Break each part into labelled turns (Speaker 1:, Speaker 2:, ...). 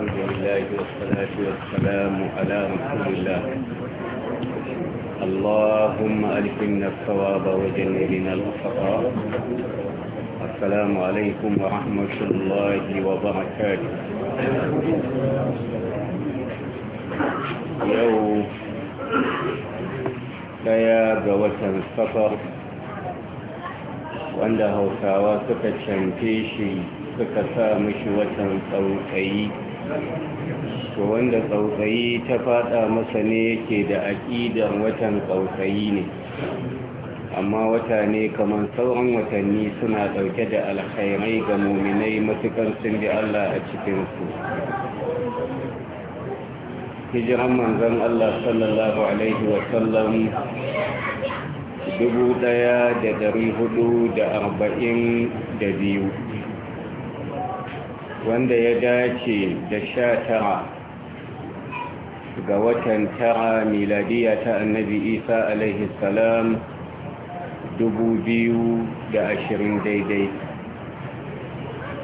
Speaker 1: الحمد لله والصلاة والسلام على رسول الله اللهم ألفنا الثواب وجنبنا الخطا السلام عليكم ورحمة الله
Speaker 2: وبركاته يوم daya ga السفر safar
Speaker 1: wanda hausawa suka canfe shi to wanda tsautsayi ta fada masa ne ke da aƙidar watan tsautsayi ne amma wata ne kamar sauran watanni suna ɗauke da alkhairai ga muminai matukan sun bi Allah a cikinsu hijiran manzon Allah sallallahu alaihi wasallam
Speaker 2: dubu ɗaya
Speaker 1: da ɗari hudu da arba'in da biyu wanda ya dace da sha tara ga watan tara miladiya ta annabi isa alaihi salam dubu biyu da ashirin daidai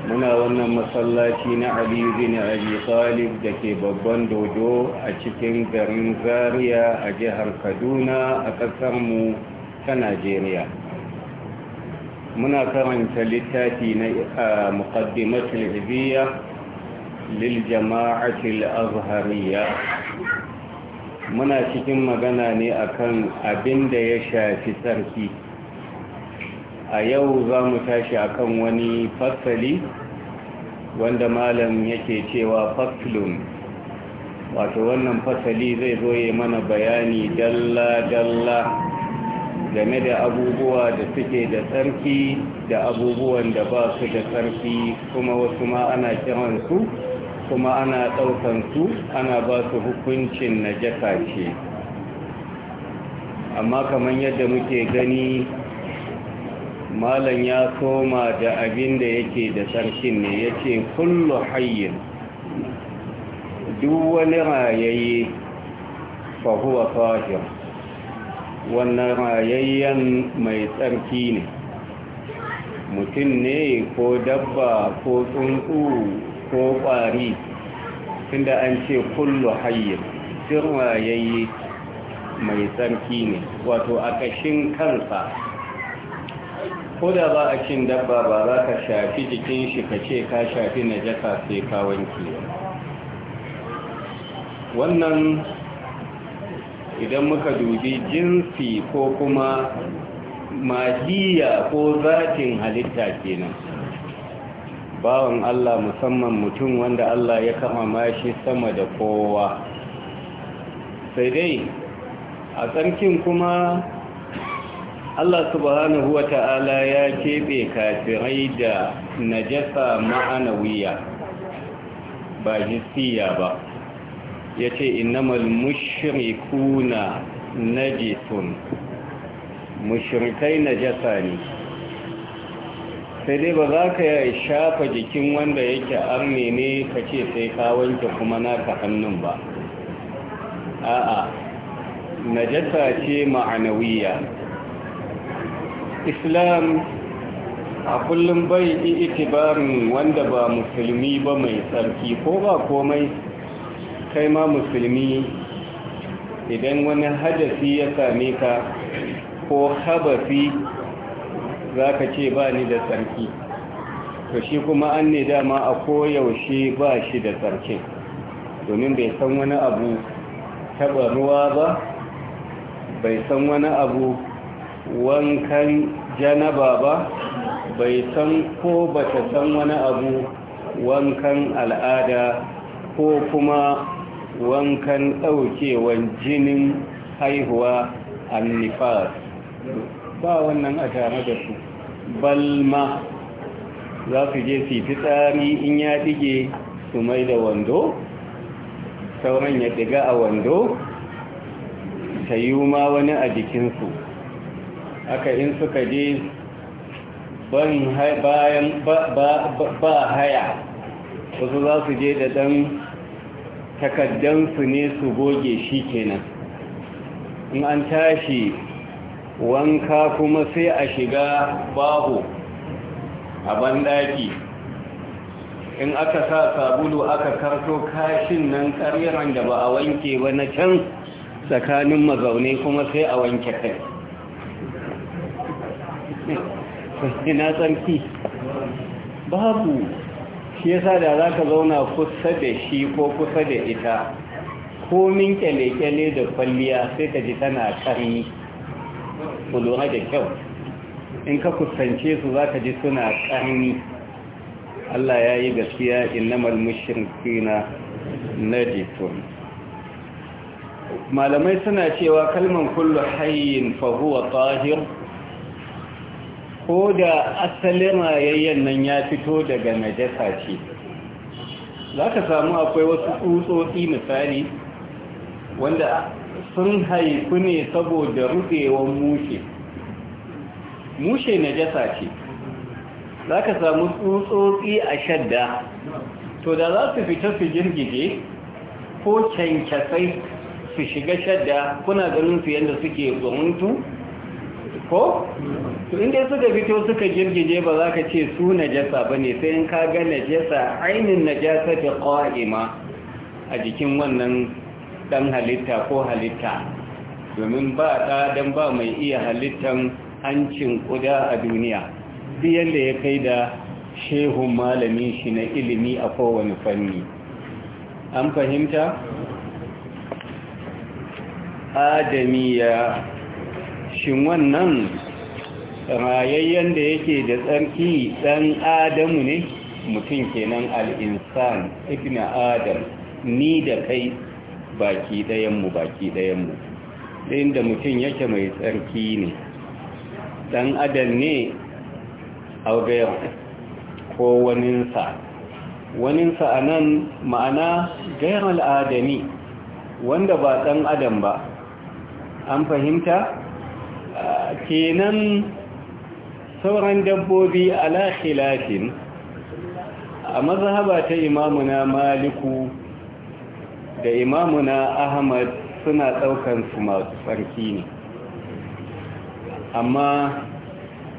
Speaker 1: muna wannan masallaci na aliyu bin abi da ke babban dodo a cikin garin zaria a jihar kaduna a ƙasarmu ta najeriya muna karanta littafi na muqaddimatul hizbiyya lil jama'atil azhariya muna cikin magana ne akan abin da ya shafi sarki a yau za mu tashi akan wani fasali wanda malam yake cewa faklun, wato wannan fasali zai zo ya mana bayani dalla-dalla game da abubuwa da suke da tsarki da abubuwan da ba su da tsarki kuma wasu ma ana kiransu kuma ana ɗaukansu ana ba su hukuncin na jaka ce amma kamar yadda muke gani malam ya koma da abin da yake da tsarkin ne ya ce kullu hayyin duk wani rayaye fahuwa fahim wannan rayayyen mai tsarki ne mutum ne ko dabba ko tsuntsu ko ƙwari tunda an ce kullu hayyar sun rayayye mai tsarki ne wato a ƙashin kansa ko da ba a cin dabba ba za ka shafi jikin shi ka ce ka shafi na jaka sai ka wanke wannan idan muka dubi jinsi ko kuma mahiya ko zatin halitta kenan bawan Allah musamman mutum wanda Allah ya kama mashi sama da kowa sai dai a tsarkin kuma Allah subhanahu wata'ala ya keɓe kafirai da najasa ma'anawiya ba hissiya ba ya ce innamal mushrikuna najisun mushrikai najasa ne sai dai ba za ka shafa jikin wanda yake arne ne ka ce sai ka wanke kuma naka hannun ba a'a najasa ce ma'anawiya islam a kullum bai itibarin wanda ba musulmi ba mai tsarki ko ba komai kai ma musulmi idan wani hadafi ya same ka ko habafi za ka ce ba ni da tsarki to shi kuma an ne dama a koyaushe ba shi da tsarki domin bai san wani abu taba ruwa ba bai san wani abu wankan janaba ba bai san ko ba ta san wani abu wankan al'ada ko kuma wankan ɗaukewan jinin haihuwa annifas ba wannan a tare da su balma za su je su fitsari in ya dige su mai da wando sauran ya diga a wando ta yi ma wani a jikinsu aka in suka je ba haya wasu za su je da ɗan takaddansu ne su goge shi kenan in an tashi wanka kuma sai a shiga baho a banɗaki in aka sa sabulu aka karto kashin nan ƙariran da ba a wanke ba na can tsakanin mazaune kuma sai a wanke kai ina tsarki babu shi yasa da za ka zauna kusa da shi ko kusa da ita komin kyale-kyale da kwalliya sai ka ji tana karni ku da kyau in ka kusance su za ka ji suna ƙarni Allah ya yi gaskiya kina na najitun malamai suna cewa kalman kullu hayyin fahuwa tsahir ko da asalin yayyan nan ya fito daga najasa ce za ka samu akwai wasu tsutsotsi misali wanda sun haifu ne saboda rubewan mushe mushe najasa ce za ka samu tsutsotsi a shadda to da za su fita su girgije ko cancasai su shiga shadda kuna ganin su yadda suke tsohontu ko? to inda suka fito suka girgije ba za ka ce su najasa ba ne sai in ka ga najasa ainihin najasa ta ƙwa'ima a jikin wannan ɗan halitta ko halitta domin ba ɗa don ba mai iya halittan hancin ƙuda a duniya biyan da ya kai da shehun malamin shi na ilimi a kowane fanni an fahimta Adami ya. shin wannan rayayyen da yake da tsarki ɗan adamu ne mutum kenan al'insan ifina adam ni da kai baki ɗayanmu baki ɗayanmu ɗayan da mutum yake mai tsarki ne ɗan adam ne augayar ko waninsa waninsa a nan ma'ana gairar al'adami wanda ba ɗan adam ba an fahimta kenan sauran dabbobi ala khilafin a mazhaba ta imamuna maliku da imamuna ahmad suna daukan su masu tsarki ne amma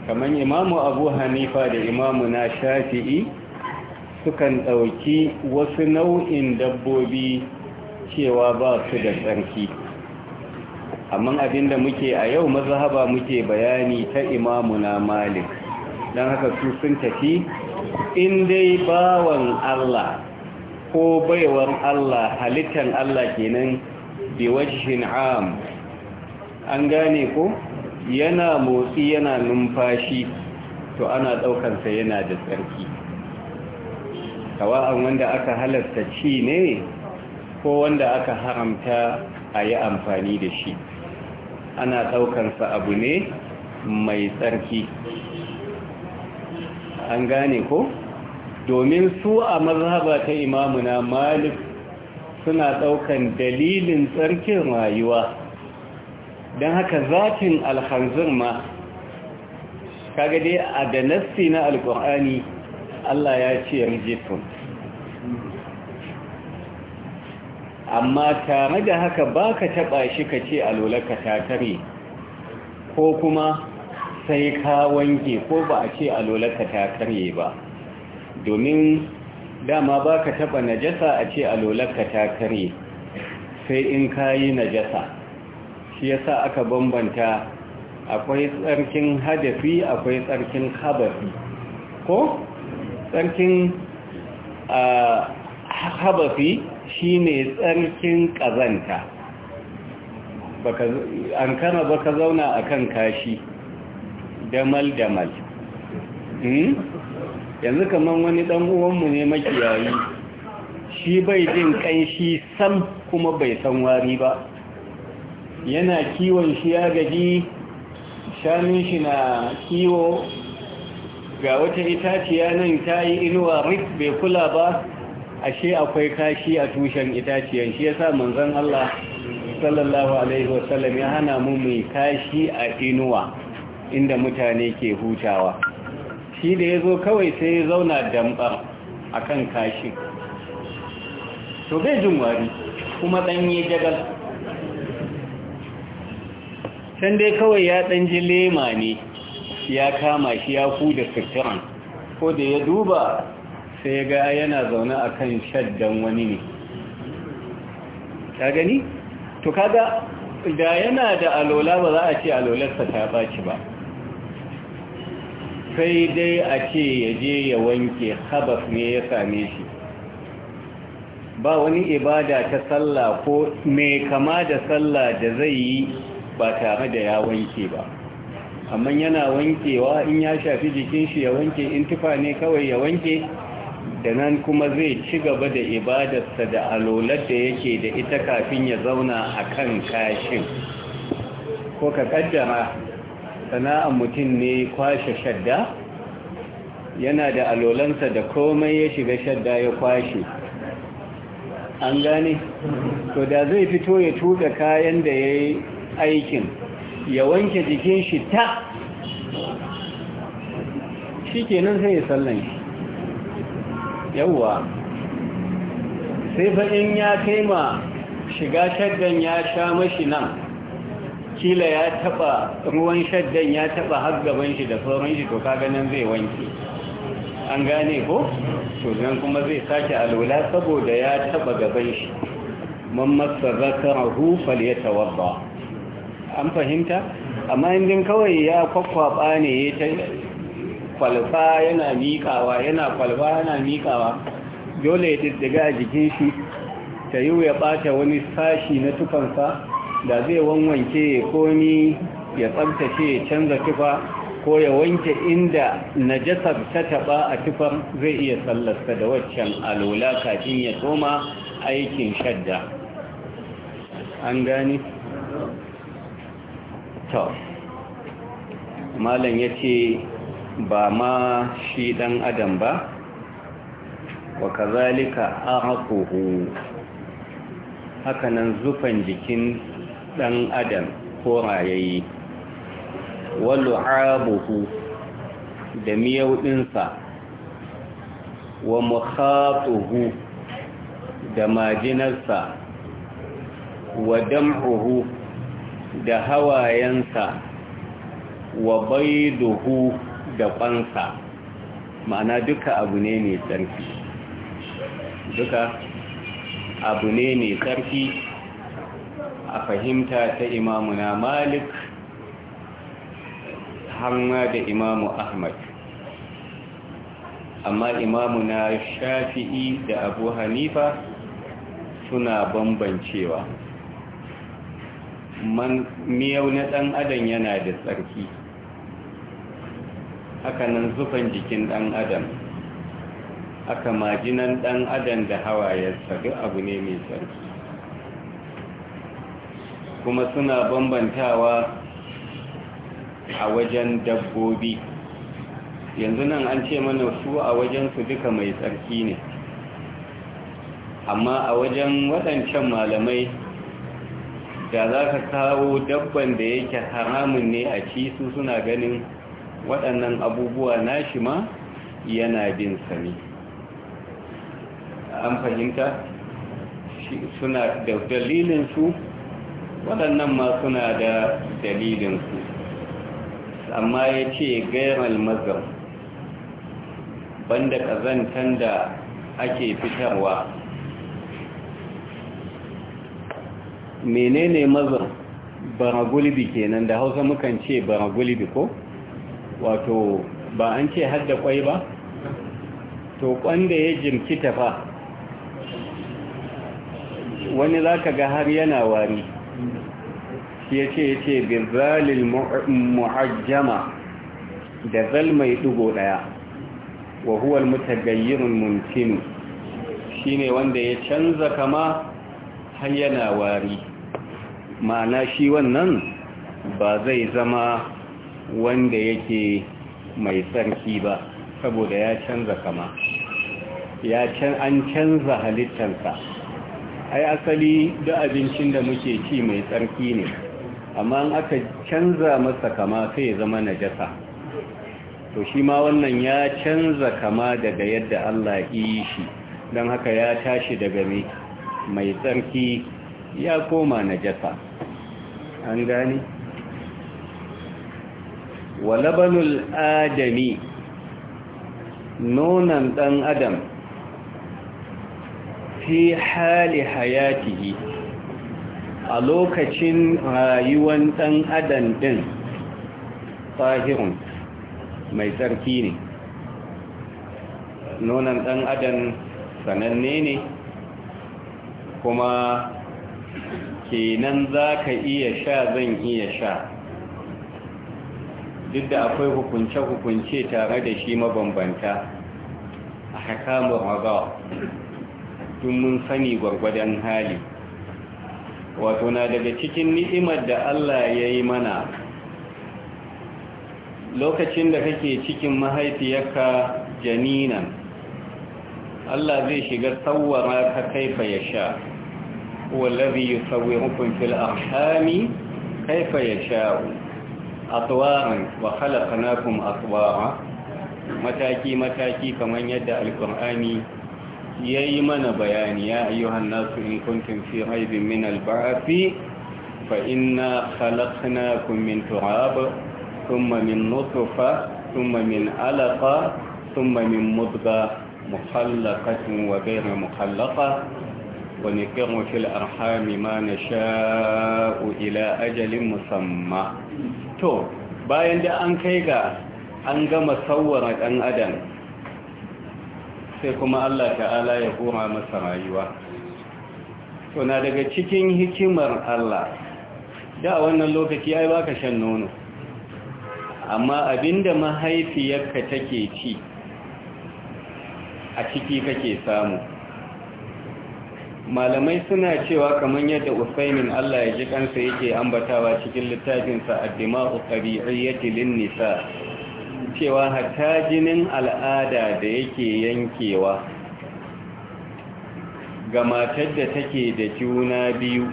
Speaker 1: kamar imamu abu hanifa da imamuna shafi'i sukan dauki wasu nau'in dabbobi cewa ba su da tsarki amma abinda muke a yau mazhaba muke bayani ta imamuna malik dan haka su sun tafi in dai bawan Allah ko baiwan Allah halittan Allah kenan wajhin am an gane ko yana motsi yana numfashi to ana sa yana da tsarki kawa'an wanda aka halasta ci ne ko wanda aka haramta ayi amfani da shi ana ɗaukansa abu ne mai tsarki an gane ko domin su a mazhaba ta imamuna malik suna ɗaukan dalilin tsarkin rayuwa don haka zatin alhanzir ma kaga dai a da nassi na alkur'ani Allah ya ce rijifin amma tare da haka ba ka taɓa shi ka ce alolarka ta tare ko kuma sai ka wanke ko ba a ce alolarka ta tare ba domin dama ba ka taɓa najasa a ce alolarka ta tare sai in ka yi najasa shi yasa aka bambanta akwai tsarkin hadafi akwai tsarkin habafi ko tsarkin ah, habafi Shi ne tsarkin ƙazanta, an an ba baka zauna a kan kashi damal damal hmm? yanzu kamar wani dan uwanmu ne makiyayi shi bai jin ƙanshi sam kuma bai san wari ba yana kiwon shi ya gaji shanun shi na kiwo ga wata itaciya nan ta yi inuwa rik bai kula ba ashe akwai kashi a tushen itaciyan shi yasa manzon Allah sallallahu alaihi wasallam ya hana mu mai kashi a inuwa inda mutane ke hutawa shi da ya zo kawai sai ya zauna damba a kan kashi to bai jin wari kuma ɗanye jagal can dai kawai ya ji lema ne ya kama shi ya da suturan ko da ya duba sai ga yana zaune a kan shaddan wani ne ta gani? to kaga da yana da alola ba za a ce alolarsa ta baci ba sai dai a ce ya je ya wanke habas ne ya same shi ba wani ibada ta sallah ko mai kama da sallah da zai yi ba tare da ya wanke ba amma yana wankewa in ya shafi jikin shi ya wanke in tufa ne kawai ya wanke da nan kuma zai ci gaba da ibadarsa da alolar da yake da ita kafin ya zauna a kan kashin ko ka kaddara sana'ar mutum ne kwashe shadda yana da alolansa da komai ya shiga shadda ya kwashe an gane to da zai fito ya tuka kayan da ya yi aikin ya wanke jikin shi ta shi kenan sai ya sallanki. yawwa sai in ya kai ma shiga shaddan ya sha mashi nan kila ya taba ruwan shaddan ya taba har gaban shi da sauran shi to kaga nan zai wanke an gane ko to nan kuma zai sake alwala saboda ya taba gaban shi man masa falyatawadda an fahimta amma indin kawai ya kwakwaba ne ya kwalfa yana miƙawa yana kwalfa yana miƙawa dole ya diddiga a jikin shi ta yi ya ɓata wani sashi na tufansa da zai wanwanke ya komi ya tsabtace ya canza tufa ko ya wanke inda najasar ta taɓa a tufan zai iya tsallasta da waccan alola kafin ya toma aikin shadda an gani? malam ya ce ba ma shi ɗan adam ba wa kazalika Haka hakanan zufan jikin ɗan adam ko rayayi wallo arabuhu da miyauɗinsa wa mukhatuhu da majinarsa wa dam'uhu da hawayensa wa baiduhu da kwansa, ma'ana duka abu ne mai tsarki duka abu ne mai tsarki a fahimta ta imamuna malik hamma da imamu ahmad amma imamuna shafi'i da abu hanifa suna bambancewa miyau na ɗan adam yana da tsarki hakanan zufan jikin ɗan adam aka majinan ɗan adam da hawayensa duk abu ne mai tsarki kuma suna bambantawa a wajen dabbobi yanzu nan an ce mana su a wajensu duka mai tsarki ne amma a wajen waɗancan malamai da za ka kawo dabban da yake haramun ne a ci su suna ganin waɗannan abubuwa nashi ma yana bin sami. an fahimta suna da dalilinsu waɗannan ma suna da dalilinsu amma ya ce gairar mazam banda ƙazantan da ake fitarwa menene mazam bara kenan da hausa mukan ce baragulbi ko? wato ba an ce hadda kwai ba to kwanda ya jirkita fa wani za ka ga har yana wari ya ce ya ce Birzalil muhajjama da zal mai dugo daya wa huwal mutagayyirun Shi shine wanda ya canza kama har yana wari ma'ana shi wannan ba zai zama wanda yake mai tsarki ba saboda ya canza kama ya can an canza halittarsa. ai asali da abincin da muke ci mai tsarki ne amma an aka canza masa kama sai ya zama najasa to shi ma wannan ya canza kama daga yadda Allah yi shi don haka ya tashi daga mai tsarki ya koma najasa an gani walabanul adami nonon ɗan adam fi hali hayatihi a lokacin rayuwan ɗan adam ɗin tsahirun mai tsarki ne nonon ɗan adam sananne ne kuma kenan za ka iya sha zan iya sha duk da akwai hukunce-hukunce tare da shi mabambanta a hakamun raga tun mun sani gwargwadon hali wato na daga cikin ni'imar da Allah ya yi mana lokacin da kake cikin mahaifiyarka janinan Allah zai shiga tsawara ka kaifa ya sha wallazi yusawwirukum fil arhami kaifa yasha'u aswaran wa kuma aswara mataki mataki kamar yadda ya yayi mana bayani ya ayyuhan nasu in kuntin fi raibin min alba'thi fa na kuma min turaba, thumma min nutfa thumma min alaqa thumma min mudghah mukhallaqatin wa ghayra mukhallaqa ونقر في الأرحام ما نشاء إلى أجل مسمى تو bayan da an kai ga an gama tsawara ɗan adam sai kuma Allah ta'ala ya koma masa rayuwa to na daga cikin hikimar Allah da wannan lokaci ai baka shan nono amma abinda mahaifiyarka take ci a ciki kake samu malamai suna cewa kamar yadda usaimin Allah ya ji kansa yake ambatawa cikin littafinsa addima tabi'iyyati lin-nisa cewa hatta jinin al'ada da yake yankewa ga matar da take da juna biyu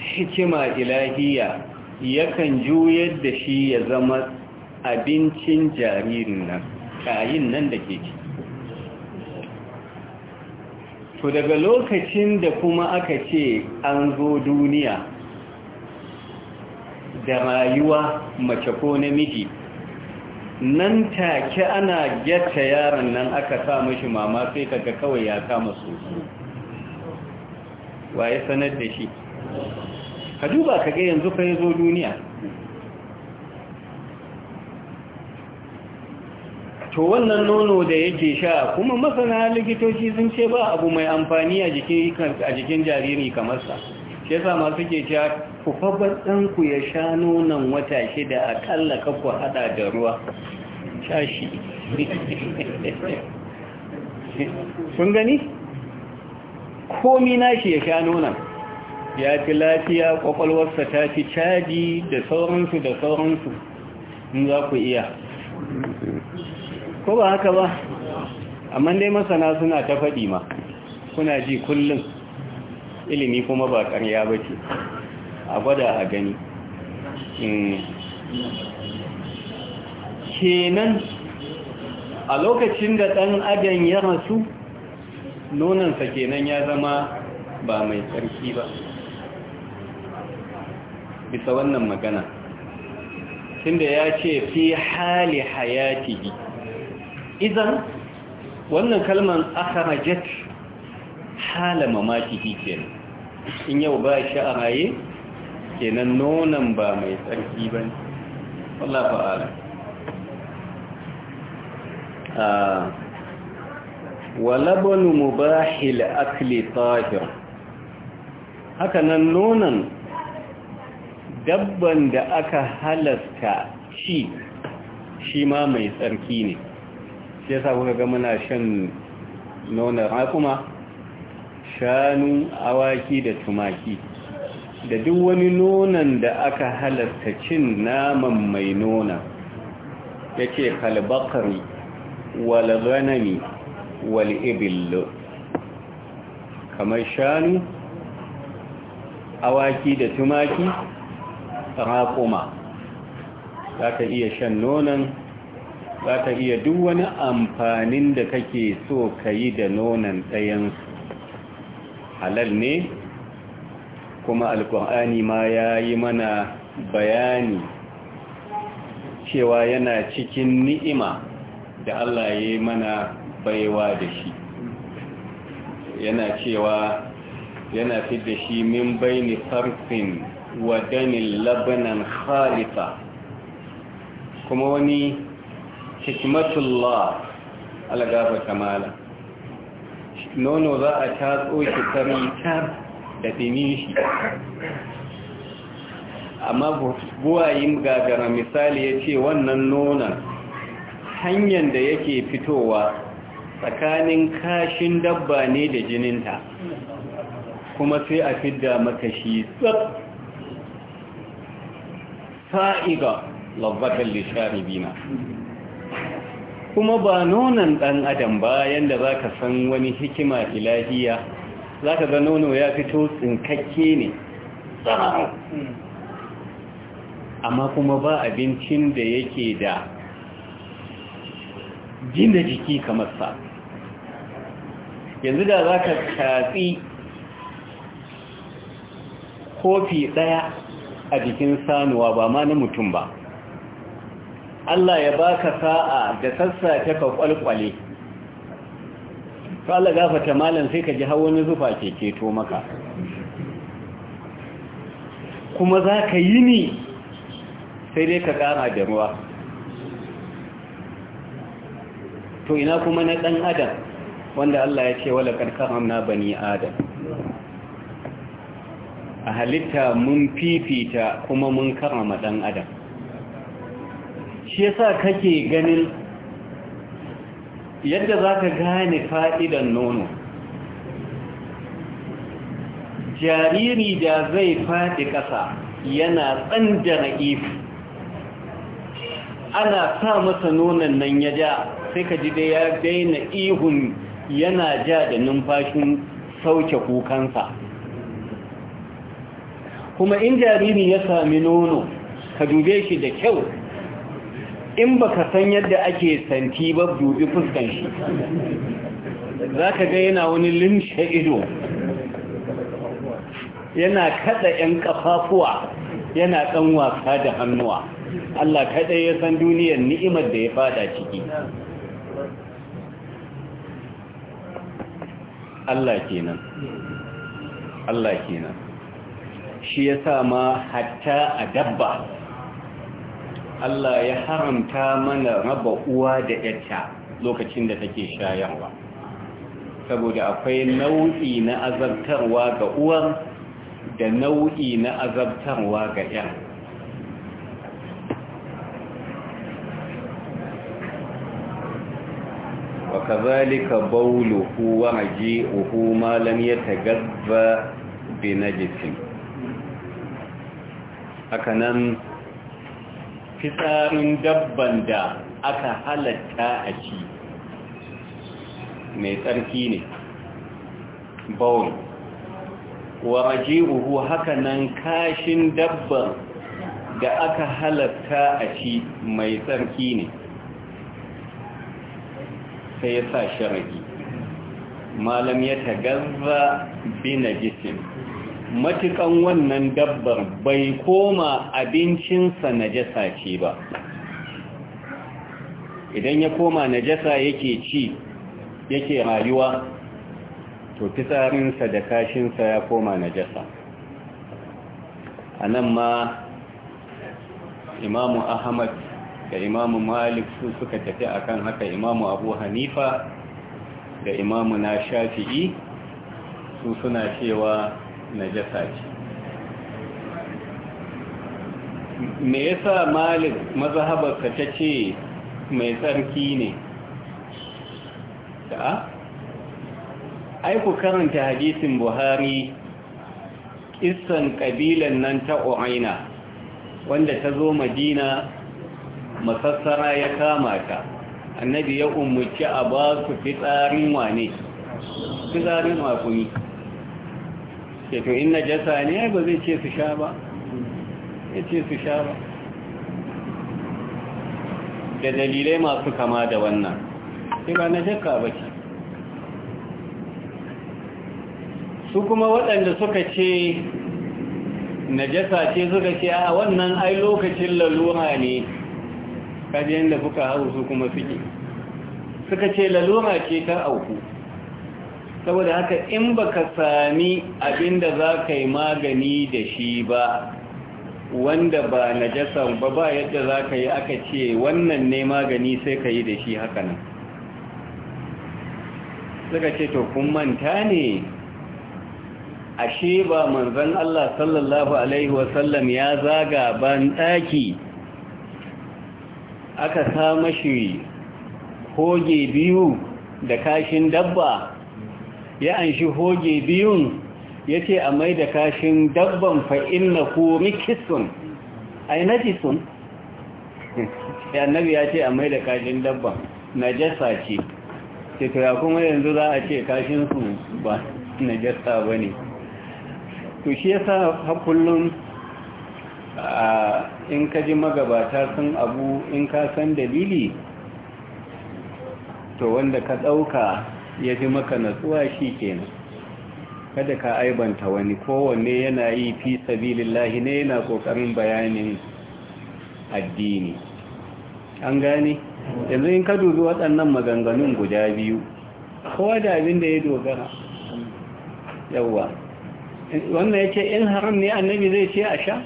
Speaker 1: hikima ilahiya yakan juyar da shi ya zama abincin jaririn nan kayin nan da ke ci to daga lokacin da kuma aka ce an zo duniya da rayuwa mace ko namiji nan take ana gyatta yaron nan aka sa mashi mama sai kaga kawai ya kama soso waye sanar da shi ka duba kaga yanzu fa yazo duniya to wannan nono da yake sha kuma masana likitoci sun ce ba abu mai amfani a jikin jariri kamar sa shi yasa ma suke cewa ku fabar ku ya sha nonon wata shida akalla kafa hada da ruwa sha shi sun gani komi nashi ya sha nonon ya fi lafiya kwakwalwarsa ta fi caji da sauransu da sauransu in za ku iya ko ba haka ba amma dai masana suna ta faɗi ma kuna ji kullum ilimi kuma ba ƙarya ba ce a gwada a gani hmm. kenan a lokacin da ɗan adam ya rasu nonansa kenan ya zama ba mai tsarki ba bisa wannan magana tunda ya ce fi hali hayati idan wannan kalman akharajat hala mamaki kenan in yau ba shi a raye kenan nonan ba mai tsarki ba ne wallah fa'ala ah, walabanu mubahil akli tahir haka nan nonan dabban da aka halasta shi shi ma mai tsarki ne shi yasa kuka ga muna shan nonon raƙuma shanu awaki da tumaki da duk wani nonon da aka halatta cin naman mai nona yake kalbakar kalbakari wal ganami wal ibillo kamar shanu awaki da tumaki raƙuma za ka iya shan nonon za ka iya duk wani amfanin da kake so ka yi da nonon ɗayansu halal ne kuma alkur'ani ma ya yi mana bayani cewa yana cikin ni'ima da Allah ya yi mana baiwa da shi yana cewa yana fi da shi min baini farfin wadanin labanan khalifa kuma wani hikmatullah algaba kamala nono za a tatso shi taritar da dini shi amma buwayin gagara misali ya ce wannan nonon hanyar da yake fitowa tsakanin kashin dabba ne da jininta
Speaker 2: kuma sai a fidda
Speaker 1: makashi tsab sa'iga labbatar lishari bina kuma ba nonon ɗan adam ba yadda za ka san wani hikima ilahiya za ka ga nono ya fito tsinkakke ne amma kuma ba abincin da yake da da jiki kamar sa yanzu da za ka katsi kofi ɗaya a jikin sanuwa ba ma na mutum ba Allah ya baka sa'a da sassafe ka kwalkwale Allah gafata malam sai ka ji har wani zufa ke keto maka kuma za ka yi ni sai dai ka kara da ruwa to ina kuma na ɗan adam wanda Allah ya ce wala karkaram na bani adam a halitta mun fifita kuma mun karama ɗan adam shi yasa kake ganin yadda za ka gane fa'idan nono jariri da zai faɗi ƙasa yana da ifi ana sa masa nonon nan ya ja sai ka ji dai ya daina ihun yana ja da numfashin sauke kukansa kuma in jariri ya sami nono ka dube shi da kyau in ba ka san yadda ake santi ba dubi fuskan shi za ka ga yana wani linshe ido yana kada 'yan kafafuwa yana ɗan wasa da hannuwa Allah kaɗai ya san duniyar ni'imar da ya fada ciki Allah kenan Allah kenan shi ya sa ma hatta a dabba Allah ya haramta mana raba uwa da yatta lokacin da take shayarwa saboda akwai nau'i na azabtarwa ga uwar da nau'i na azabtarwa ga yan wa kazalika bauluhu wa raji'uhu ma lam yatagazza bi najisin hakanan fitsarin dabban da aka halatta a ci mai tsarki ne bawon wa raji'uhu hakanan kashin dabban da aka halatta a ci mai tsarki ne sai ya sa sharadi malam ya gaza bi jisim matukan wannan dabbar bai koma abincinsa najasa ce ba idan ya koma najasa yake ci yake rayuwa to fitsarinsa da kashinsa ya koma najasa jasa. Anan ma imamu ahmad da imamu malik su suka tafi akan haka imamu abu hanifa da imamu na shafi'i su suna cewa najasa ce me yasa malik mazhabarka ta ce mai tsarki ne da ai ku karanta hadisin buhari kissan kabilan nan ta uaina wanda ta zo madina masassara ya kama ta annabi ya umarci a ba su fitsarin wane fitsarin wakuni ce to ina jasa ne ba zai ce su sha ba ya ce su sha ba da dalilai masu kama da wannan sai ba najasa ba ce su kuma waɗanda suka ce na jasa ce suka ce a wannan ai lokacin lalura ne kajiyar yadda kuka hau su kuma suke suka ce lalura ce ta auku saboda haka in baka sami abin da za ka yi magani da shi ba wanda ba na najasan ba ba yadda za ka yi aka ce wannan ne magani sai ka yi da shi haka nan suka ce to kun manta ne ashe ba manzan Allah sallallahu alaihi wasallam ya zaga ban ɗaki aka sa mashi koge biyu da kashin dabba ya an shi hoge biyun ya ce a mai da kashin dabban fa'in na kisun A yi najisun nabi ya ce a mai da kashin dabban jasa ce tura kuma yanzu za a ce kashinsu ba na jasa ba ne to shi sa hakullun a in ka ji magabata sun abu in ka san dalili to wanda ka ɗauka ya fi maka natsuwa shi kenan kada ka aibanta wani kowanne yana yi fi sabilillahi ne yana kokarin bayanin addini an gane yanzu in ka dubi waɗannan maganganun guda biyu kowa da abin da ya dogara yawwa wannan ya ce in haram ne annabi zai ce a sha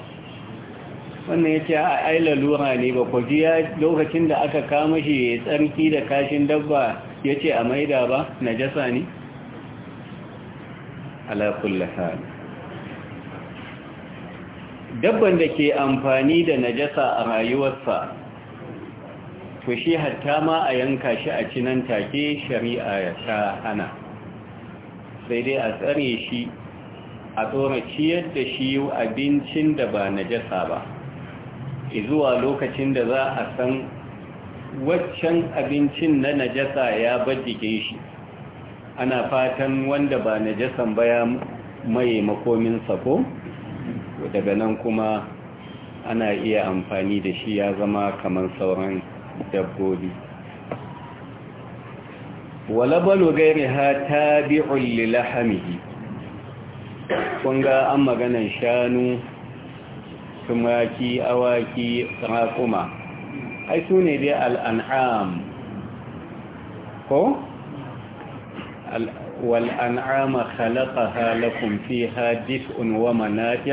Speaker 1: wannan ya ce a ailalura ne ba kwaji ya lokacin da aka kama shi ya tsarki da kashin dabba ya ce a maida ba na jasa ne? alakulla dabban da ke amfani da najasa a rayuwarsa to shi hatta ma a yanka shi a cinan take shari'a ya ta hana sai dai a tsare shi a tsoraciyar da shi abincin da ba najasa ba zuwa lokacin da za a san waccan abincin na najasa ya bajike shi ana fatan wanda ba najasan ba ya mai makomin sako daga nan kuma ana iya amfani da shi ya zama kamar sauran dabbobi walabalu gairi ha tabi'un lilahamihi kun ga an maganan shanu tumaki awaki tsakuma ai ne dai al’an’am ko? wal’an’ama khalaka halakun fi hadis unuwa manati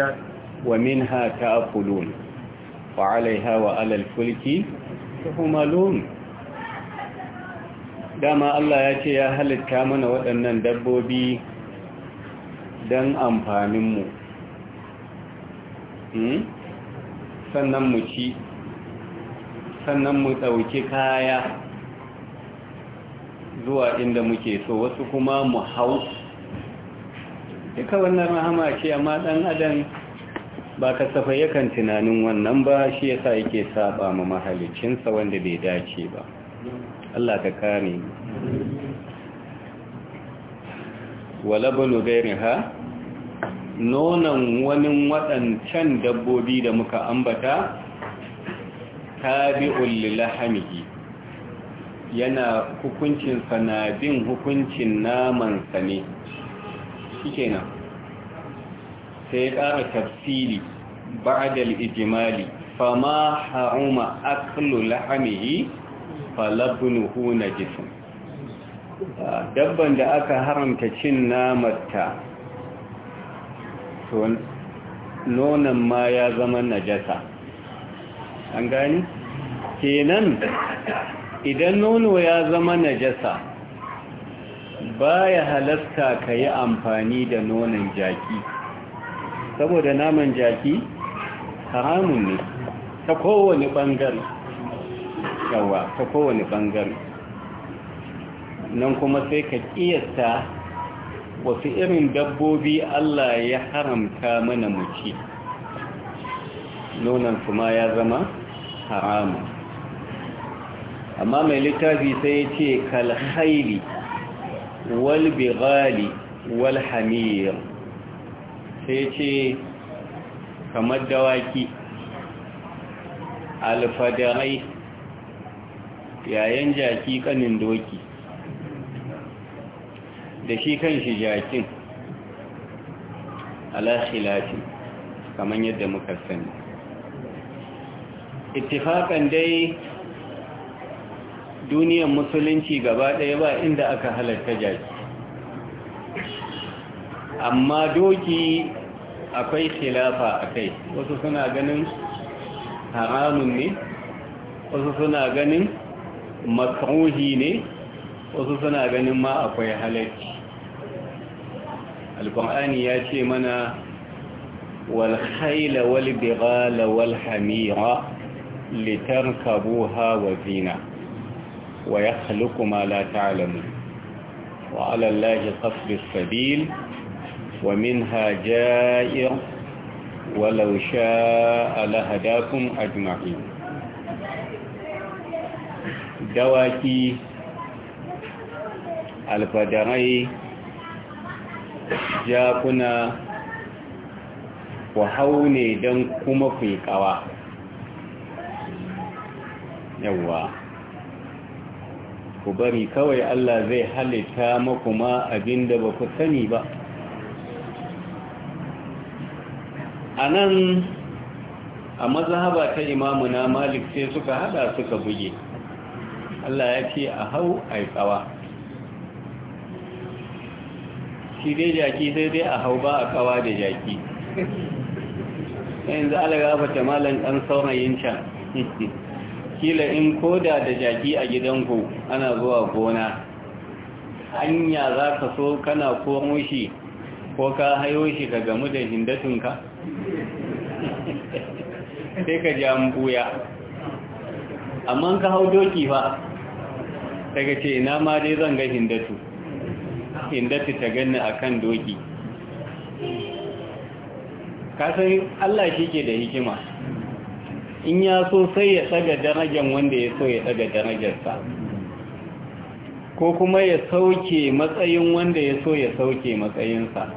Speaker 1: wa min ha ta kulun wa alaiha wa alalfulki ta kuma lun dama Allah ya ce ya halitta mana waɗannan dabbobi don amfaninmu hmm? sannan mu ci sannan mu ɗauki kaya zuwa inda muke so wasu kuma mu hau duka wannan rahama ce amma ɗan adam ba kasafa yakan tunanin wannan ba shi ya sa yake saba ma mahalicinsa wanda bai dace ba Allah ka kare wala bunu gairiha nonon wani waɗancan dabbobi da muka ambata tabi'un lilahamihi yana hukuncin sanadin hukuncin namansa ne. ne shikenan sai ya ƙara tafsiri ba'dal ijmali fama haruma aklu lahamihi falabnuhu najisun ah, dabban da aka haramta cin namarta to nonon ma ya zama najasa an gani kenan idan nono ya zama najasa baya halatta ka yi amfani da nonon jaki saboda naman jaki haramun ne ta kowane bangare yawa ta kowane bangare nan kuma sai ka kiyasta wasu irin dabbobi Allah ya haramta mana mu ci nonon kuma ya zama haramu amma mai littafi sai ya ce kalhaili walbighali walhamir sai ce kamar dawaki alfadarai yayin jaki kanin doki da shi kan shi jakin ala kamar yadda muka sani ittifaqan dai duniyar musulunci gaba ɗaya ba inda aka halarta jaki amma doki akwai khilafa akai. wasu suna ganin haramun ne wasu suna ganin makruhi ne wasu suna ganin ma akwai halarci alkur'ani ya ce mana wal khayla wal bighala wal hamira litarkabuha wa zina wa yakhluqu ma la ta'lamun wa 'ala Allahi qasdu as-sabil wa minha ja'ir ولو شاء لهداكم أجمعين
Speaker 2: dawaki
Speaker 1: alfadarai jakuna ku ne don kuma ƙawa. yawwa ku bari kawai Allah zai halitta maku ma abinda ba ku sani ba a nan a mazhaba ta Imamu na malik sai suka hada suka buge Allah ya ce a hau a tsawa shi dai jaki sai dai a hau ba a kawa da jaki yanzu alaga fata malan ɗan saurayin can kila in koda da jaki a gidanku ana zuwa gona hanya za ka so kana komo shi ko ka hayo shi ka gamu da hindatunka
Speaker 2: sai
Speaker 1: ka ja buya amma ka hau doki fa daga ce ina ma dai zan ga hindatu hindatu ta ganni akan doki kasan Allah shi ke da hikima in ya so sai ya daga darajar wanda ya so ya daga darajarsa ko kuma ya sauke matsayin wanda ya so ya sauke matsayinsa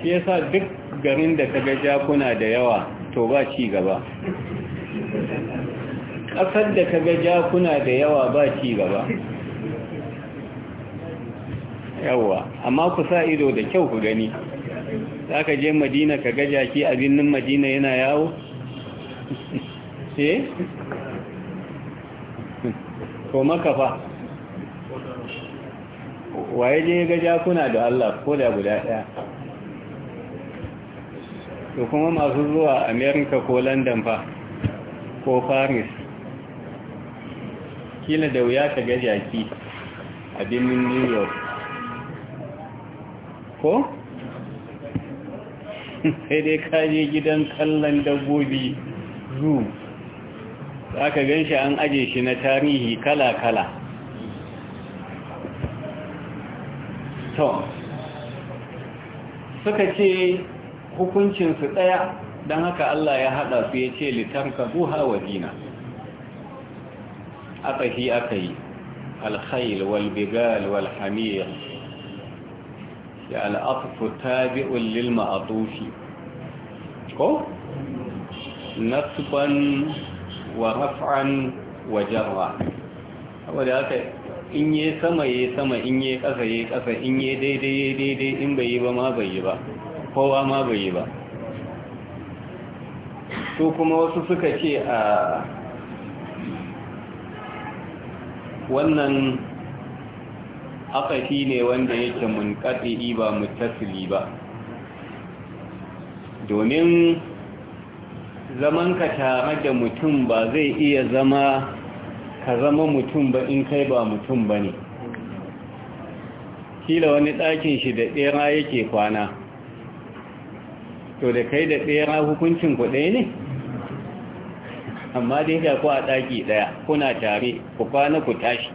Speaker 1: shi yasa duk garin da kaga jakuna da yawa to ba ci gaba ƙasar da kaga jakuna da yawa ba ci gaba yawa amma ku sa ido da kyau ku gani za ka je madina ka gaja jaki abinnin madina yana yawo ce ko maka fa waye ne ga jakuna da Allah ko da guda daya to kuma masu zuwa america ko london fa ko paris kila da wuya ka ga jaki a birnin new york ko? sai dai kaje gidan kallon dabbobi zuwa? za ka gan shi an aje shi na tarihi kala-kala to suka ce hukuncinsu ɗaya don haka Allah ya haɗa su ya ce litarka buha wa dina a shi aka yi alkhail walbigal walhamir ya ta tabi'un lilma a ko nasban wa raf'an wa jarra saboda haka in yi sama yi sama in yi ƙasa yi ƙasa in yi daidai yi daidai in bai yi ba ma bai yi ba kowa ma bai yi ba to kuma wasu suka ce a wannan akafi ne wanda yake mun katsi ba mutasili ba domin zaman ka tare da mutum ba zai iya zama ka zama mutum ba in kai ba mutum ba ne kila wani ɗakin shi da ɗera yake kwana to da kai da ɗera hukuncin ku ɗaya ne amma dai ga ku a ɗaki ɗaya kuna tare ku kwana ku tashi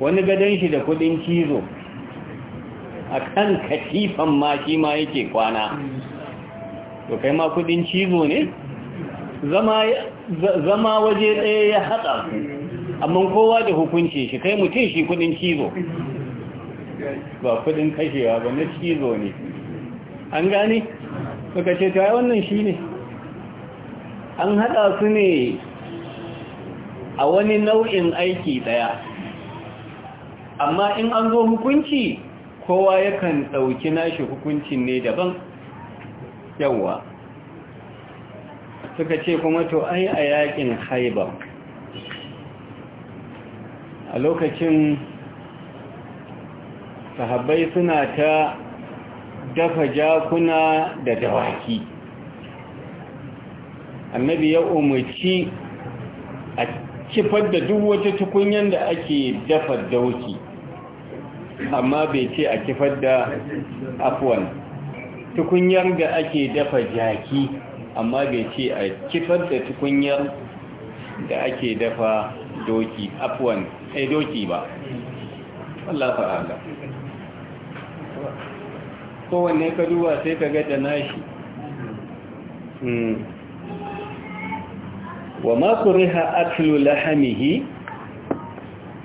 Speaker 1: wani gadon shi da kuɗin cizo a kan katifan ma shi ma yake kwana to kai ma kudin cizo ne zama waje ɗaya ya haɗa su amma kowa da hukunci shi kai mutum shi kudin cizo ba kudin kashewa ba na cizo ne an gane suka ce ta wannan shi ne an haɗa su ne a wani nau'in aiki ɗaya amma in an zo hukunci kowa yakan ɗauki nashi hukuncin ne daban yawwa suka ce kuma to ai a yakin haiba. a lokacin sahabbai suna ta dafa jakuna da dawaki annabi ya umarci a kifar da duk wata tukunyan da ake dafa dauki amma bai ce a kifar da afuwan tukunyar da ake dafa jaki amma bai ce a kifar da tukunyar da ake dafa doki afwan eh doki ba Allah fa'ala kowanne ka duba sai ka ga da nashi hmm. wa ma kuriha aklu lahamihi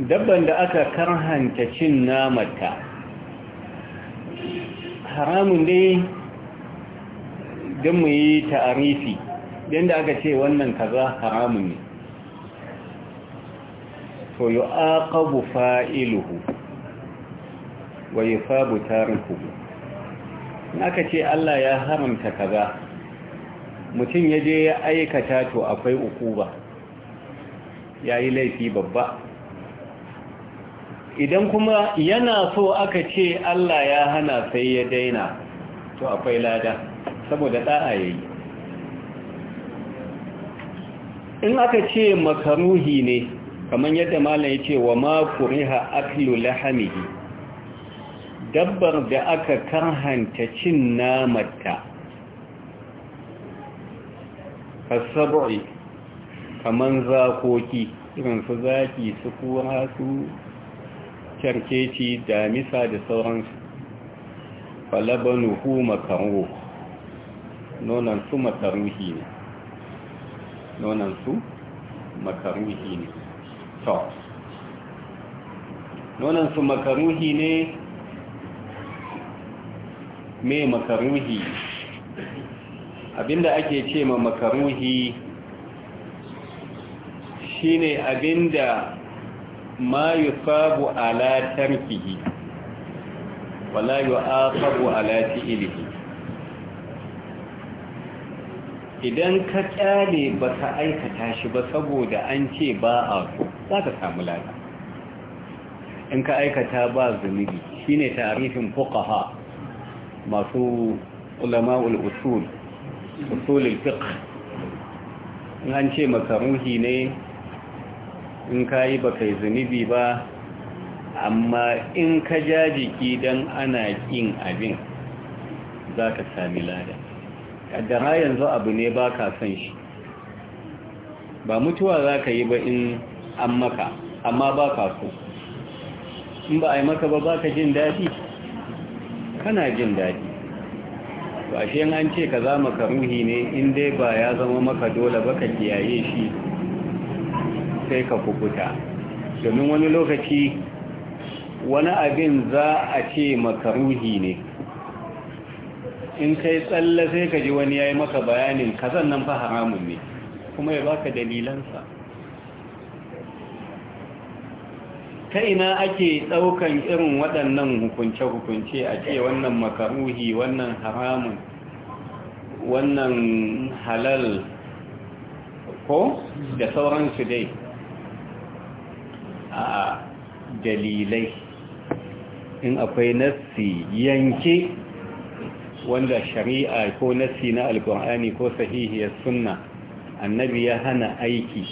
Speaker 1: dabban da aka karhanta cin namata haramun dai don mu yi ta'arifi yadda aka ce wannan kaza haramun ne to yi aqabu fa'iluhu wa yi tarihu. in aka ce Allah ya haramta kaza mutum ya je ya aikata to akwai ukuba ya yi laifi babba idan kuma yana so aka ce Allah ya hana sai ya daina to akwai lada saboda ya yi, in aka ce makaruhi ne kamar yadda malam ce wa makuriha kuriha aklu lahamihi dabbar da aka karhanta cin namarta kasabu'i kaman zakoki irin su zaki su kura su kyarkeci damisa da sauransu falabanuhu makaruhu Nonansu makaruhi ne nonansu su makaruhi ne to nonansu makaruhi ne me makaruhi abinda ake ce ma makaruhi shine abinda ma yusabu ala tarkihi wala yu'aqabu ala ilimi. idan ka kyale ba ka aikata shi ba saboda an ce ba a so za ka samu lada in ka aikata ba zunubi shine tarihin fukaha masu ulama'ul usul usulul fiqh in an ce makaruhi ne in ka yi ba kai zunubi ba amma in ka jajiki don ana kin abin za ka sami lada kaddara yanzu abu ne ba ka san shi ba mutuwa za ka yi ba in an maka amma ba ka so in ba a yi maka ba ba ka jin daɗi kana jin daɗi ba shi an ce ka za maka ruhi ne in dai ba ya zama maka dole ba ka kiyaye shi sai ka kukuta domin wani lokaci wani abin za a ce maka ruhi ne in kai tsalle sai ka ji wani ya yi maka bayanin zan nan fa haramun ne kuma ya baka dalilansa ta ina ake ɗaukan irin waɗannan hukunce-hukunce a ce wannan makaruhi wannan haramun wannan halal ko da sauransu dai a dalilai in akwai nassi yanke wanda shari'a ko nassi na alkur'ani ko sahihiyar sunna annabi ya hana aiki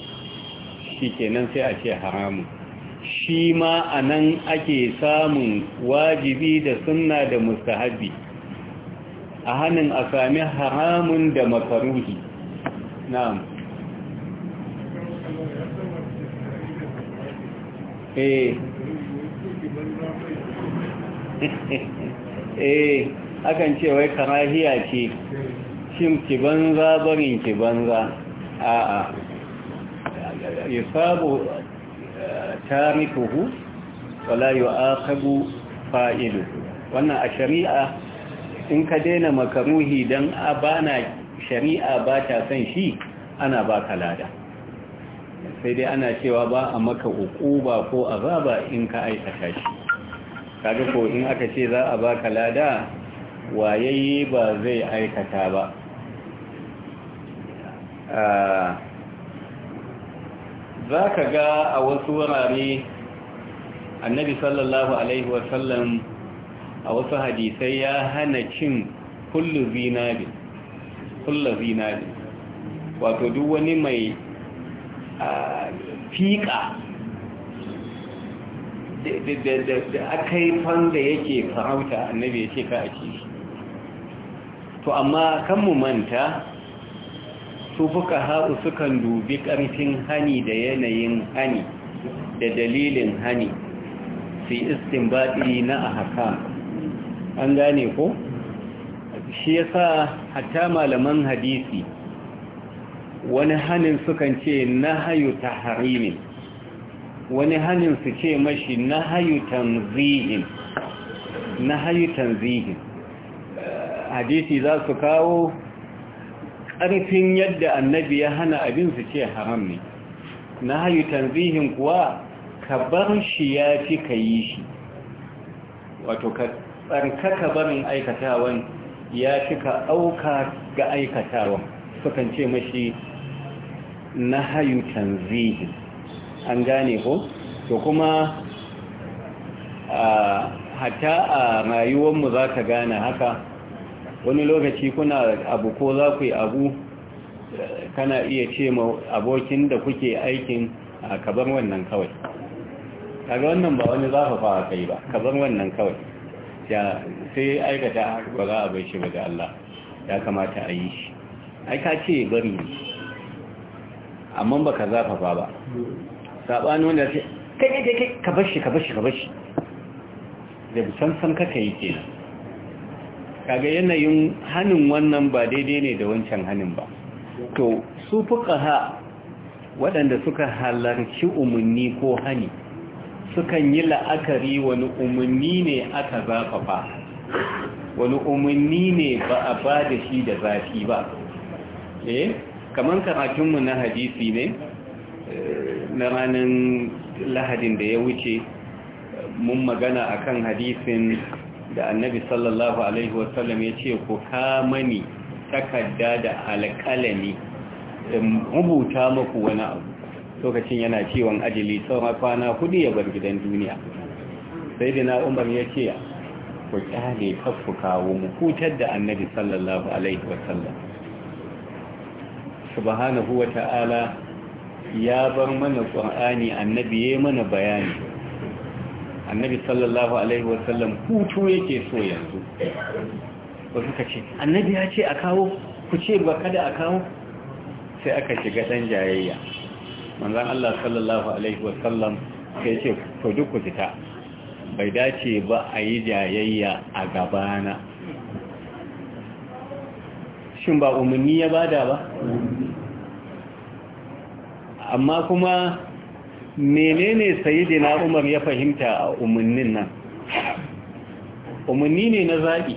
Speaker 1: shi kenan sai a ce haramu shi ma a nan ake samun wajibi da sunna da mustahabi a hannun a sami haramun da makaruhi na'am eh eh akan ce wai karahiya ce shin ki banza barin ki banza a'a yusabu eh, tarikuhu wala yu'aqabu fa’ilu wannan a shari'a in ka daina makaruhi dan bana shari'a ba ta san shi ana ba ka lada sai dai ana cewa ba a maka hukuba ko azaba in ka aikata shi kaga ko in aka ce za a baka lada wayayye ba zai aikata ba za ka ga a wasu wurare annabi sallallahu alaihi wasallam a wasu hadisai ya hana cin kullu zinari kullu zinari wato duk wani mai fiƙa da aka yi fanda yake farauta annabi ya ce ka a ciki to amma kan mu manta su fuka haɗu sukan dubi ƙarfin hani da yanayin hani da dalilin hani su yi baɗi na a haka an gane ko? shi ya sa hatta malaman hadisi wani hannun sukan ce na hayu ta harimin wani hannun su ce mashi na hayu tanzihin na hayu tanzihin hadisi za su kawo ƙarfin yadda annabi ya hana abin su ce haram ne na hayu tanzihin kuwa ka bar shi ya fi ka yi shi wato ka tsarkaka barin aikatawan ya fi ka auka ga aikatawan sukan ce mashi na hayu tanzihin an gane ko to kuma Hata a rayuwarmu za ka gane haka wani lokaci kuna abu ko za ku yi abu kana iya ce ma abokin da kuke aikin a kabar wannan kawai kaga wannan ba wani zafafa kai ba kabar wannan kawai ya sai aikata ba za a bai shi ba ga Allah ya kamata a yi shi ai ka ce bari ne amma ba ka zafafa ba saɓani wanda sai kai kai kai ka bashi ka bashi ka bashi da san san kaka yi kenan kaga yanayin hannun wannan ba daidai ne da wancan hannun ba to su fuka ha waɗanda suka halarci umarni ko hani sukan yi la'akari wani umarni ne aka zafafa wani umarni ne ba a ba da shi da zafi ba E, eh, kamar karatunmu na hadisi ne eh, na ranar lahadin da ya wuce mun magana akan hadisin da annabi sallallahu alaihi wasallam ya ce ku kamani takarda da alƙalami in rubuta muku wani abu lokacin yana ciwon ajili saura kwana hudu ya bar gidan duniya sai dina umar ya ce ku kyale ku kawo mu hutar da annabi sallallahu alaihi wasallam subhanahu wa ta'ala ya bar mana qur'ani annabi yayi mana bayani annabi sallallahu alaihi wasallam hutu yake so yanzu ba suka ce annabi ya ce a kawo ku ce ba kada a kawo sai aka shiga dan jayayya manzan Allah sallallahu alaihi wasallam sai ce to duk ku fita bai dace ba a yi jayayya a gabana shin ba umarni ya bada ba amma kuma menene sayidina umar ya fahimta a umarnin nan umarni ne na zaɓi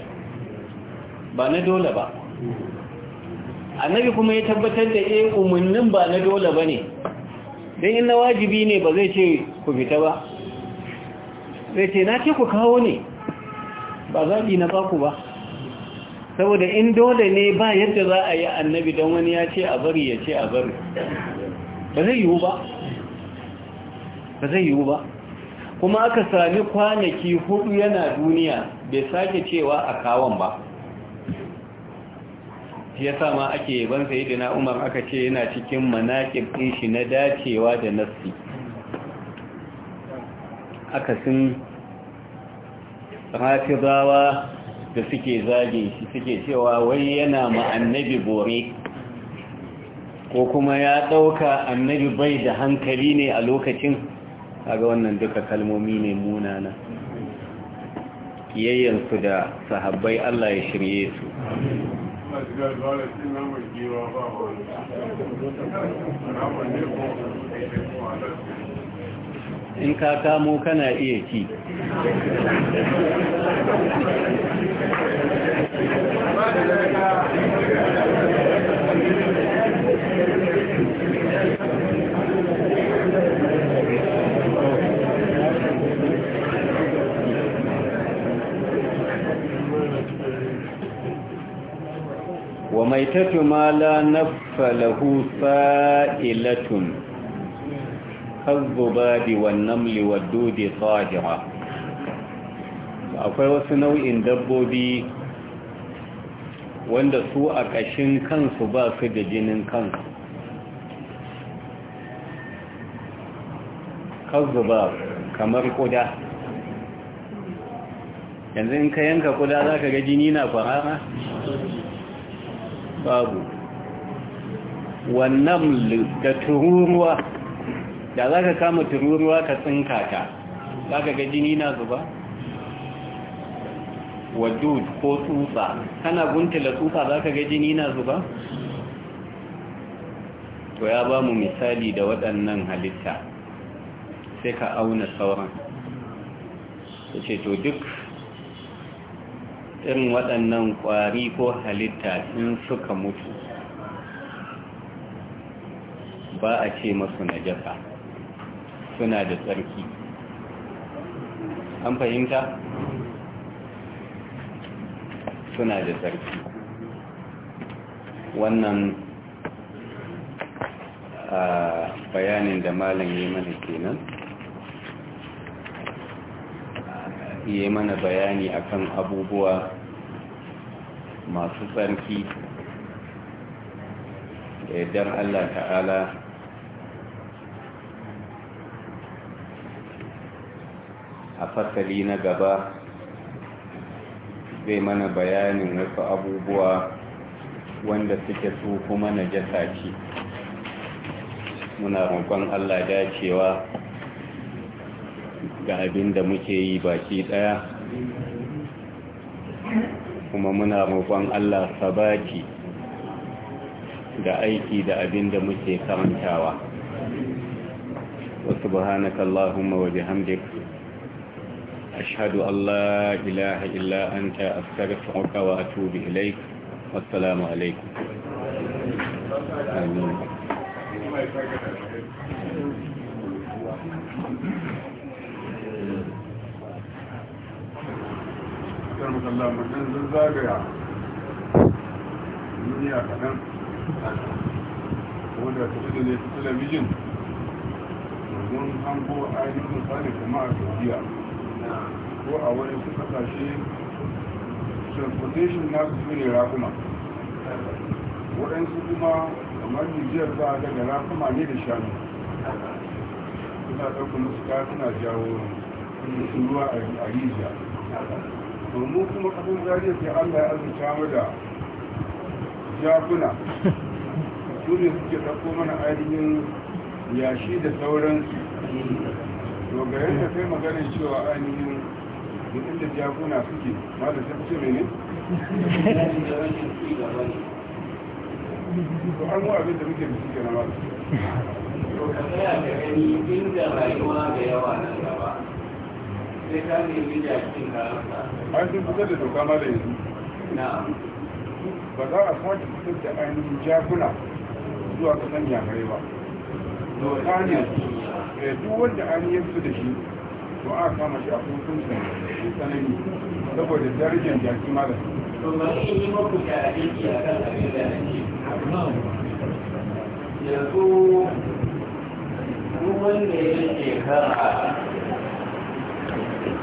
Speaker 1: ba na dole ba annabi kuma ya tabbatar da eh umarnin ba na dole ba ne don ina wajibi ne ba zai ce ku fita ba zai ce na ce ku kawo ne ba zaɓi na baku ba saboda in dole ne ba yadda za a yi annabi don wani ya ce a bari ya ce a bari ba zai yiwu ba ba zai yiwu ba kuma aka sami kwanaki hudu yana duniya bai sake cewa a kawon ba ya sama ake ban sai na umar aka ce yana cikin manakin ɗin na dacewa da nassi akasin rafizawa da suke zage shi suke cewa wai yana ma'annabi bore ko kuma ya ɗauka annabi bai da hankali ne a lokacin kaga wannan duka kalmomi ne munana kiyayyansu da sahabbai Allah ya shirye su in ka kamo kana iya ci wa mai ma la nafsa lahu sa'ilatun kazzubadi wan namli akwai wasu nau'in dabbobi wanda su a ƙashin kansu ba su da jinin kansu kazzuba kamar kuda yanzu in ka yanka kuda za ka ga jini na farara babu wannan da tururuwa da za ka kama tururuwa ka tsinka ta za ka ga jini na zuba wadud ko tsutsa kana guntula tsutsa za ka ga jini na zuba to ya ba mu misali da waɗannan halitta sai ka auna sauran ta ce to duk irin waɗannan ƙwari ko halitta in suka mutu ba a ce masu jafa suna da tsarki an fahimta suna da tsarki wannan ah, bayanin da malam yi mana kenan yi mana bayani akan abubuwa masu tsarki da yardar Allah ta'ala a fasali na gaba zai mana bayanin wasu abubuwa wanda suke su kuma na jasa muna roƙon Allah dacewa ga abin da muke yi baki ɗaya kuma muna roƙon Allah sabaki da aiki da abin da muke karantawa wasu bahanaka Allahumma wa bihamdik ashhadu an la ilaha illa anta astaghfiruka wa atubu ilaik wassalamu alaikum
Speaker 2: amin
Speaker 3: Thank you. akar musalla mutum sun zagaya duniya kaɗan wanda ta fi da ne ta talabijin domin hango ainihin misali kuma a saudiya ko a wani su kasashe transportation na su su ne rakuma waɗansu kuma kamar nijiyar za a daga rakuma ne da shanu suna ɗaukar musu suna jawo ruwa a rijiya domin kuma kasar zariya sai allah ya azurta mu da jakuna su ne suke ɗauko mana ainihin yashi da sauransu to ga yadda kai maganin cewa ainihin duk inda jakuna suke ma da ta ce mene? to an mu abin da muke da suke na ma to ka tsaya da gani inda rayuwa da yawa na gaba an sun fitar da doka ma da yanzu ba za a sake fitar da ainihin jakuna zuwa kasan yamare ba doka ne eh, duk wanda an yi su da shi to a kama shi a kusursun tsanani saboda darajar jaki ma da
Speaker 2: su. yanzu ruwan da ya shekara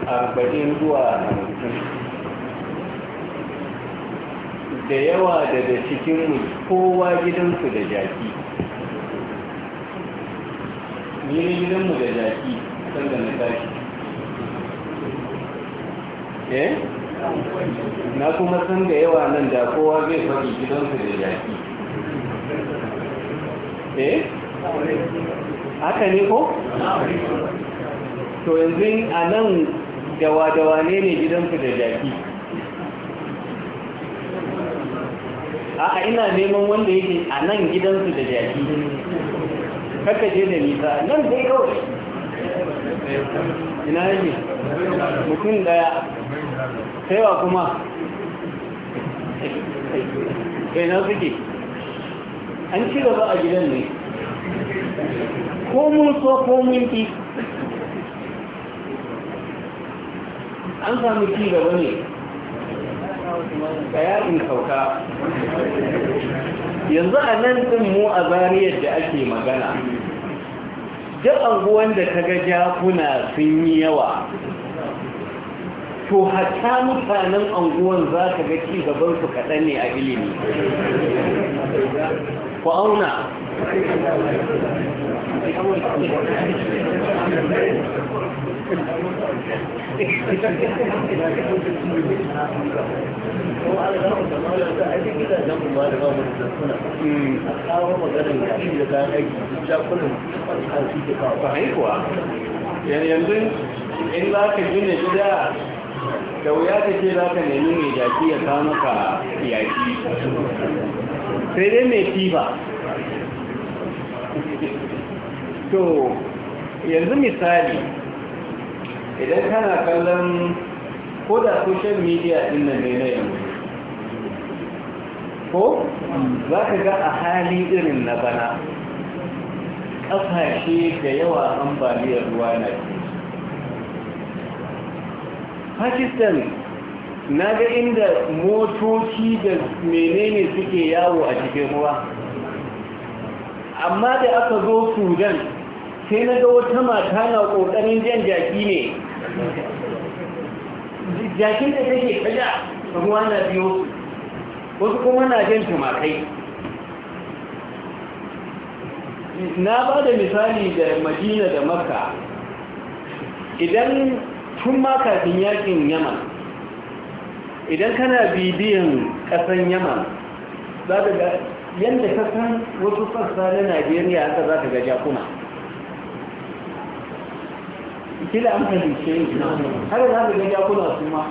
Speaker 1: arba'in zuwa hamsin da yawa daga cikinmu kowa gidansu da jaki ni ne gidanmu da jaki sanda na tashi eh na kuma san da yawa nan da kowa zai faɗi gidansu da jaki eh haka ne ko? to yanzu a nan dawa dawa ne ne gidanku da jaki a'a ina neman wanda yake a nan gidansu da jaki kaka je da nisa nan dai kawai ina yake mutum daya saiwa kuma bai na suke an ci gaba
Speaker 2: a gidan ne ko mun so ko mun ki an samu ci gaba ne A in sauka yanzu
Speaker 1: a nan ɗin mu a zariyar da ake magana duk anguwan da ta ga jakuna sun yi yawa to hatta mutanen anguwan za
Speaker 2: ka ga ci gaban su kaɗan ne a ilimi ku auna
Speaker 3: yanzu
Speaker 1: in za ka gina gida da wuya ta ce za ka nemi mai jaki ya ta maka yaki sai dai mai ba, to yanzu misali idan kana kallon ko da social media din nan ne na yanzu ko za ka ga a hali irin na bana ƙasashe da yawa ambaliyar ruwa na ke? pakistan na ga inda motoci da menene suke yawo a cikin ruwa amma da aka zo sudan sai na ga wata mata na ƙoƙarin jan jaki ne jakin da take kaja ruwa na biyo wasu kuma na jan tumakai na ba da misali da madina da makka idan tun ma kafin yakin yaman idan kana bibiyan kasan yaman za ka ga yadda kasan wasu sassa na najeriya haka za ka ga jakuna kila an fahimce har yana ka ga jakuna su ma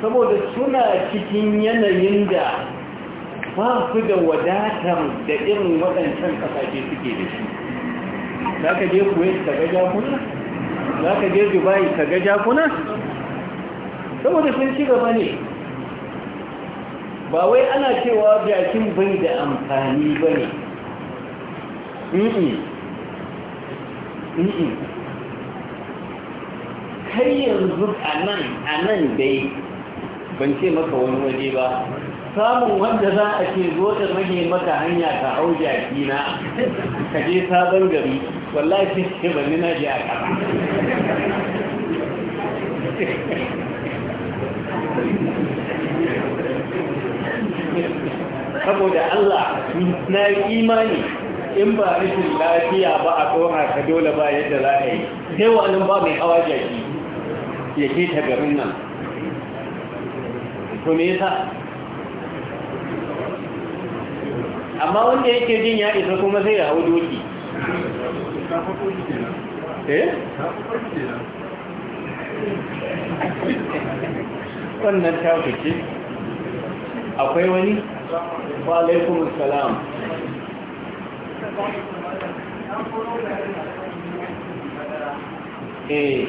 Speaker 1: saboda suna cikin yanayin da ba su da wadatar da irin waɗancan ƙasashe suke da shi za ka je kuwait ka ga jakuna za ka je dubai ka ga jakuna saboda sun ci gaba ne ba wai ana cewa jakin bai da amfani ba ne har yanzu a nan dai ban ce maka wani waje ba samun wanda za a ce zo da mahe maka hanya ta hau jaki na Kaje je sabon gari wallafi ce ba ni ji a kama
Speaker 2: saboda Allah
Speaker 1: na yi imani in ba rikin lafiya ba a tsohon ka dole ba yadda za a yi sai wa'anin ba mai
Speaker 2: hawa jaki ya ke ta garin nan to me
Speaker 1: sa? amma wanda yake jin ya isa kuma sai ya hau doki eh wannan ta fice akwai wani wa alaikum assalam
Speaker 2: eh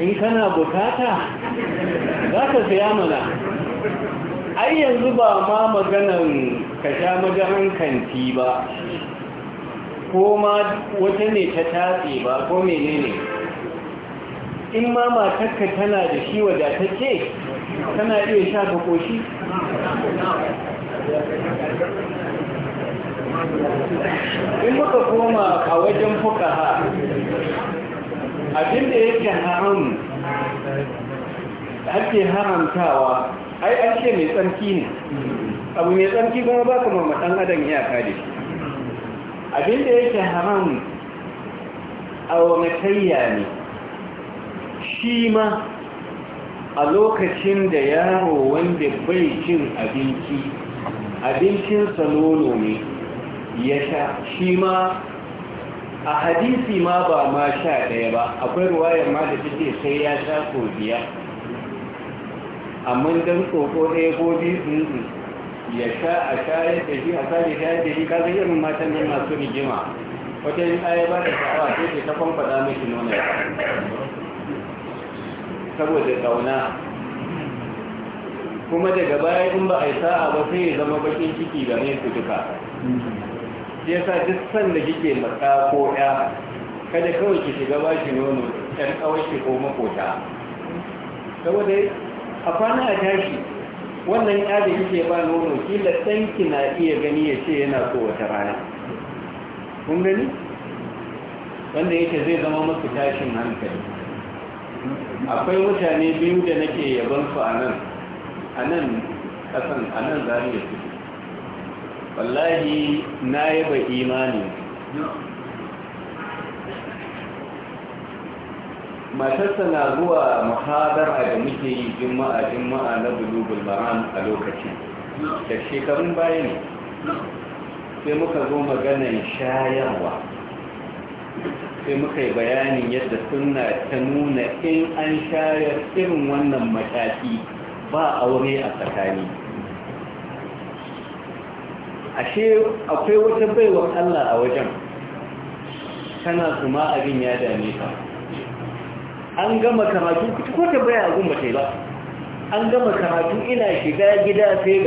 Speaker 2: in kana bukata za ka saya mana ai
Speaker 1: yanzu ba ma maganan ka sha maganan kanti ba ko ma wata ne ta tatse ba ko menene in ma matakka tana da shi wadatacce tana iya sha ka koshi
Speaker 2: in muka koma a wajen fuka ha abin da yake haram ake haramtawa
Speaker 1: ai an ce mai tsarki ne abu mai tsarki kuma ba kuma matan adam ya kare abin da yake haram a ne shi ma a lokacin da yaro wanda bai cin abinci abincinsa nono ne ya sha shi ma a hadisi ma ba ma sha ɗaya ba akwai ruwayar ma da take sai ya sha ko biya amma dan tsoko ɗaya ko biyu ya sha a shayar da shi a sare shayar da shi ka zai irin matan ne masu rigima wajen yin aya ba da sha'awa sai ta kwamfada miki nuna saboda ƙauna kuma daga baya in ba a yi sa'a ba sai ya zama bakin ciki game su duka shi sa duk san da kike matsa ko ya kada kawai ki shiga ba shi nono ɗan kawai ko makota saboda a kwana a tashi wannan ya da kike ba nono kila ɗanki na iya gani ya ce yana so wata rana kun gani wanda yake zai zama masu tashin hankali akwai mutane biyu da nake yaban a nan a nan ƙasan a nan zariya su wallahi na yaba imani matarsa na zuwa muhadara da muke yi juma'a juma'a na bulubul maram a lokacin da shekarun bayan sai muka zo maganan shayarwa sai muka yi bayanin yadda suna ta nuna in an shayar irin wannan mataki ba aure a tsakani ashe akwai wata baiwa Allah a wajen tana kuma abin ya dame ka. an gama karatu ko ta baya abin ba ba an gama karatu ina shiga gida sai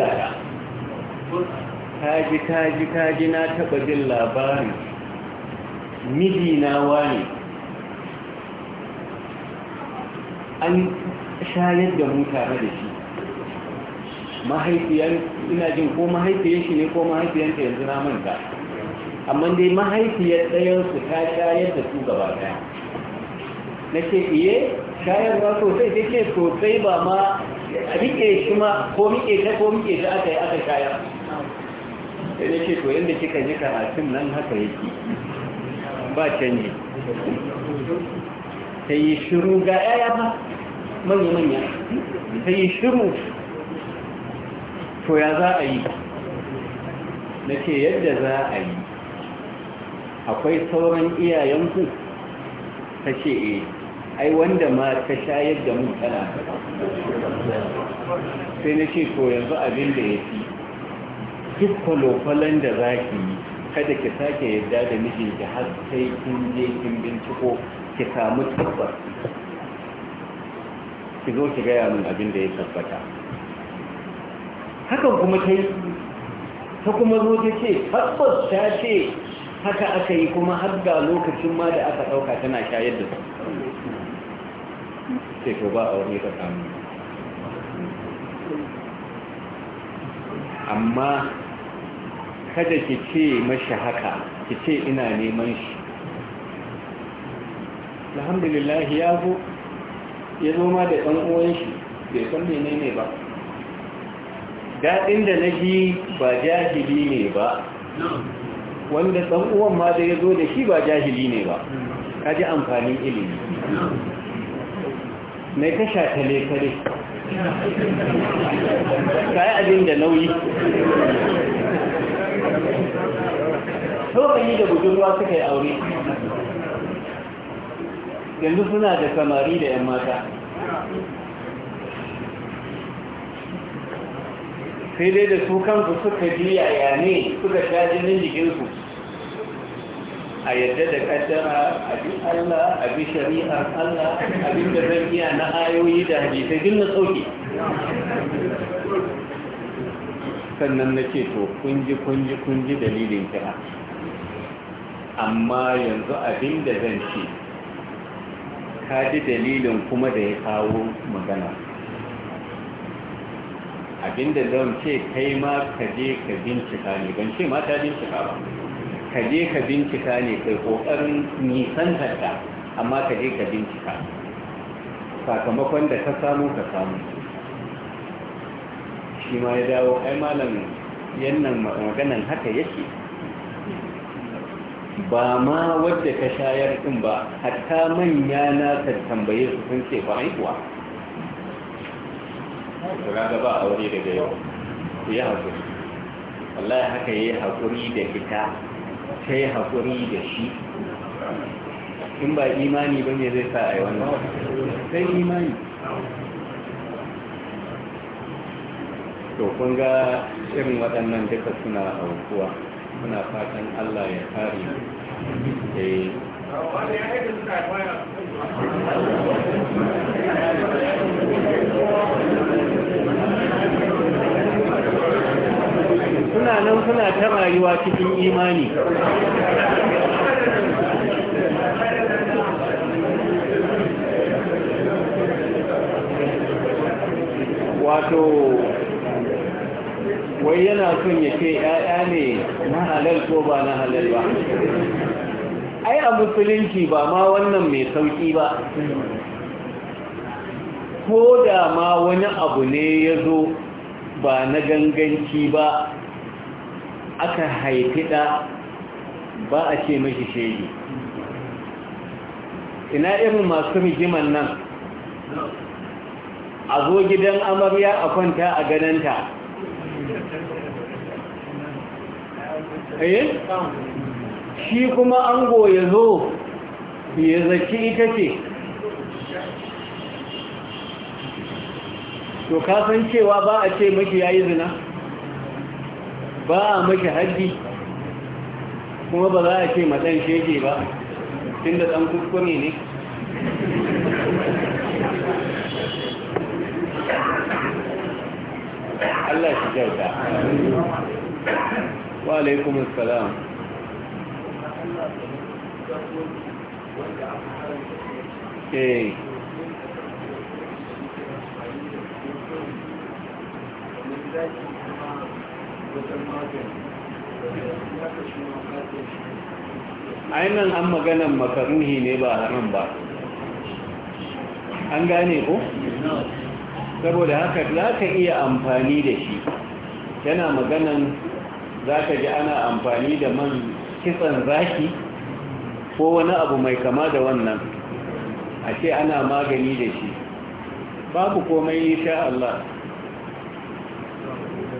Speaker 1: ta ji, ta ji, na taba jin labarin miji na wani an shayar da mu tare da shi mahaifiyar ina jin ko mahaifiyar shi ne ko ta yanzu na manta amma dai mahaifiyar su ta shayar da su gaba ɗaya na ce iye shayar ba sosai ta ce sosai ba ma a riƙe shi ma ko miƙe ta ko miƙe ta aka yi aka shayar sai na ce to yadda kika ji karatun nan haka yake ba canji ta yi shiru ga 'ya'ya ba manya-manya ta yi shiru to ya za a yi na ce yadda za a yi akwai sauran iyayenku ta ce e ai wanda ma ta shayar da mun tana sai na ce to yanzu abin da ya fi duk kwalokwalon da za ki yi kada ki sake yadda da mijinki har sai kin je kin binciko ki samu tabbas ki zo ki gaya min abin da ya tabbata hakan kuma ta yi ta kuma zo ta ce tabbas ta ce haka aka yi kuma har ga lokacin ma da aka ɗauka tana shayar da su sai to ba a wani ka samu amma kada ki ce mashi haka ki ce ina neman shi alhamdulillah ya zo ya zo ma da ɗan'uwan shi bai san menene ba daɗin da na ji ba jahili ne ba wanda tsan'uwan ma da ya zo da shi ba jahili ne ba ka ji amfanin ilimi mai kasha kale ka yi abin da nauyi
Speaker 2: saurayi da budurwa suka yi aure
Speaker 1: yanzu suna da samari da 'yan mata sai dai da su kanku suka ji yaya ne suka sha jinin jikinsu a yadda da kaddara a bi Allah a bi shari'ar Allah abin da zan iya na ayoyi da hadisai na sannan na ce to kunji kunji kunji dalilin kira amma yanzu abin da zan ce ka ji dalilin kuma da ya kawo magana abinda zan ce kai ma ka je ka bincika ne ban ce ma ta bincika ba ka je ka bincika ne kai kokarin nisan ta amma ka je ka bincika sakamakon da ka samu ka samu shi ma ya dawo ai malam yannan maganan haka yake ba ma wadda ka shayar din ba hatta manya na tambaye su sun ce ba aikuwa to gaba ba wuri daga yau ku yi haƙuri wallahi haka yi haƙuri da ita ta yi haƙuri da shi in ba imani ba ne zai sa a yi wannan
Speaker 2: sai imani
Speaker 1: to kun ga irin waɗannan duka suna haukuwa suna fatan Allah ya kare mu eh suna nan suna ta rayuwa cikin
Speaker 2: imani wato wai yana son ya ce ‘ya'ya ne na halal
Speaker 1: ko ba na halal ba ai a musulunci ba ma wannan mai sauki ba ko da ma wani abu ne ya zo ba na ganganci ba aka haifi da ba a ce mashi shege ina irin masu rigiman nan a zo gidan amarya a kwanta a gananta
Speaker 2: eh shi
Speaker 1: kuma ango ya zo ya zaki ita ce to kasan cewa ba a ce ya yayi zina ba a mashi haddi kuma ba za a ce matan shege ba tun da ɗan kuskure ne
Speaker 2: Allah shi jauta
Speaker 1: wa alaikum assalam Thank eh. you. ainihin an maganan makaruhi ne ba haram ba an gane ko? saboda haka za ka iya amfani da shi yana maganan za ka ji ana amfani da man kitsan zaki ko wani abu mai kama da wannan a ce ana magani da shi babu komai sha Allah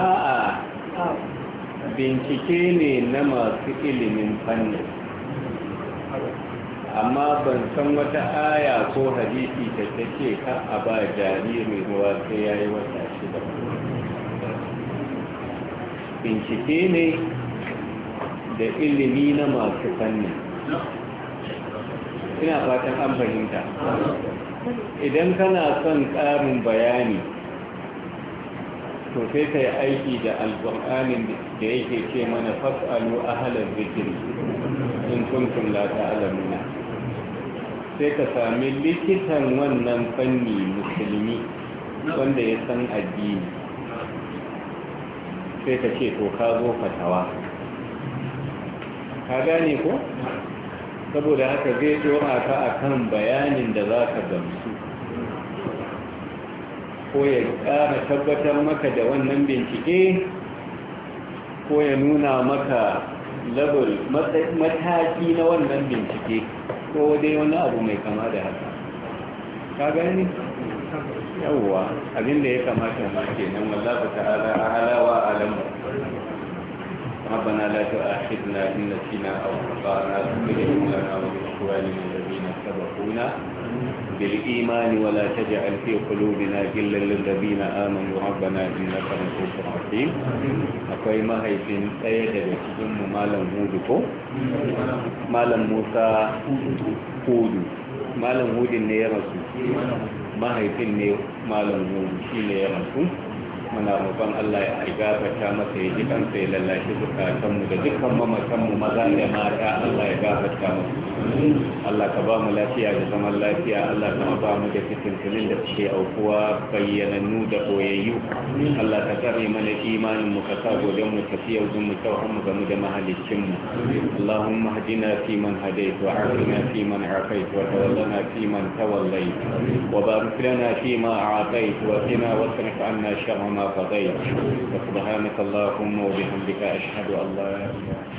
Speaker 2: a'a
Speaker 1: bincike ne na masu ilimin fanni amma ban san wata aya ko hadisi ta take ka a ba jariri ruwa sai ya yi wata shida bincike ne da ilimi na masu fannin ina fatan an fahimta idan kana son ƙarin bayani to sai ka yi aiki da alƙur'anin da yake ce mana fas'alu ahalar zikiri in kuntum Lata ta'lamuna sai ka sami likitan wannan fanni musulmi wanda ya san addini sai ka ce to ka zo fatawa ka gane ko saboda haka zai dora ka akan bayanin da za ka gamsu ko ya ƙara tabbatar maka da wannan bincike ko ya nuna maka level mataki na wannan bincike ko dai wani abu mai kama da haka ka gani yawwa abinda ya kamata ma kenan wallahi ta'ala ala wa alam ربنا لا تؤاخذنا إن yi أو أخطأنا فاغفر لنا ولإخواننا الذين سبقونا بالإيمان ولا تجعل في قلوبنا جلا na آمنوا ربنا إنك رؤوف رحيم akwai mahaifin ɗaya daga cikinmu malam hudu ko? malam musa hudu malam hudin ne ya rasu mahaifin ne malam hudu shi ne ya rasu muna roƙon Allah ya gafarta masa ya ji kansa ya lallashi zukatanmu da dukkan mamatanmu maza da mata Allah ya ta masa Allah ka ba mu lafiya da zaman lafiya Allah ka ba mu da fitintunin da suke aukuwa bayyanannu da koyayyu Allah ka tsare mana imanin mu ka sa gobe mu tafiya wajen mu tauhan mu game da mahaliccin mu Allahumma hadina fi man hadait wa afina fi man afait wa tawallana fi man tawallait wa barik lana fi ma a'tait wa qina wasrif 'anna sharra قضيت سبحانك اللهم وبحمدك أشهد أن لا إله الا انت